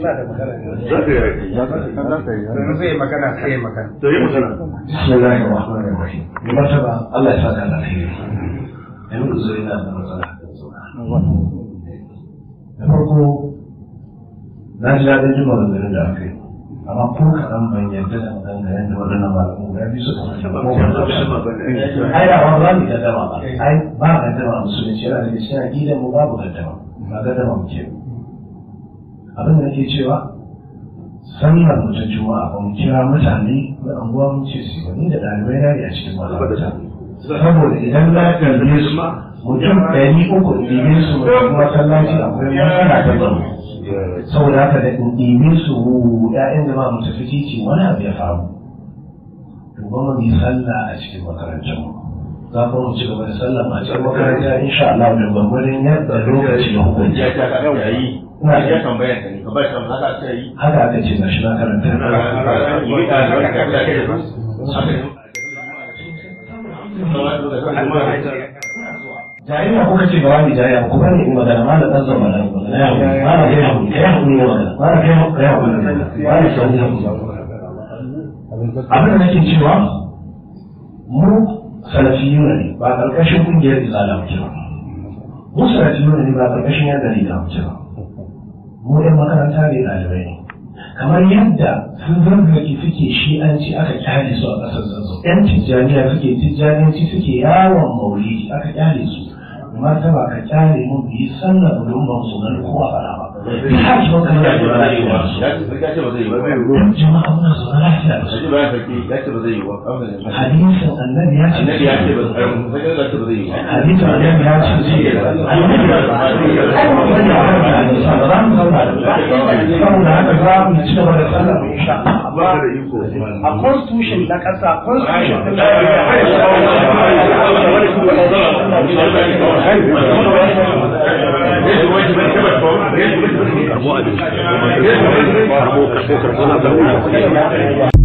zai magana sai magana. To yi magana. da alheri. da matsala. Da farko na ji da aka yi. ko kaɗan da maganganun da waɗannan malamin ba. Ai da wani rami gaddama ba. Ai ba gaddama musulunci yana da a gidan mu babu gaddama. Ba gaddama muke. abin da ke cewa sallar mu ta a ba kira mutane da anguwa mu ce su wani da ɗalibai na ne a cikin malamata saboda idan na ɗalibai su mutum ɗari uku ɗibe su mutum masallaci akwai masana ta zama saboda haka da ɗibe su ‘ya'yan jama'a mu tafi titi wani abu ya faru to ba mu sallah a cikin makarantar mu za ku ci gaba da sallah a can makaranta insha Allah da gwangwanin yadda lokaci ya hukunci. Ya ta kan yayi. Ina ne ka shi haka aka yi. Haka aka ce na shi na karanta. Jayayya kuka ce ne jayayya ku bari in magana ma da ɗan zama da magana ya hudu ma kai hudu kai hudu ne magana ba na kai hudu kai hudu ne ma da shi hudu da nake cewa mu salafiyuna ne ba ƙarƙashin ƙungiyar izala muke ba mu salafiyuna ne ba ƙarƙashin yan jarida muke ba mu ɗan makaranta ne ɗalibai ne kamar yadda sun zanzaki suke shi an ci aka ƙyale su a ƙasar zanzu yan tijjaniya suke tijjaniyanci suke yawon maulidi aka ƙyale su ba ka ƙyale mu bi sannan domin ba su gani kowa fara har shi maka mara da zai yi ba ya ce ba zai yi ba jama'a muna zaune lafiya da su ce ba zai yi ba hadisin annabi ya ce annabi ya ce ba zai yi ba hadisin annabi ya ce zai yi ba annabi ya ce ai mun da ba da sa ba za mu zauna da ba saboda haka za mu ci gaba da sallah mu insha Allah a constitution na kasa constitution na kasa karbo abinci karbo karbo karbo na